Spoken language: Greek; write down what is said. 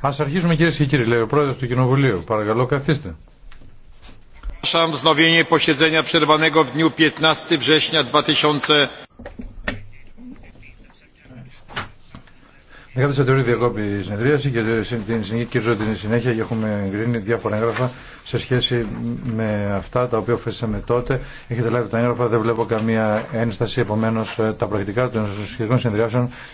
Ας αρχίσουμε κυρίες και κύριοι, λέει ο πρόεδρος του Κοινοβουλίου. Παρακαλώ καθίστε. Δεκάτησα θεωρή διακόπη συνεδρίαση και την την συνέχεια και έχουμε εγκρίνει διάφορα έγγραφα σε σχέση με αυτά τα οποία φέσαμε τότε. Έχετε λάβει τα έγγραφα, δεν βλέπω καμία ένσταση, επομένω ε, τα πρακτικά των σχετικών συνεδριάσεων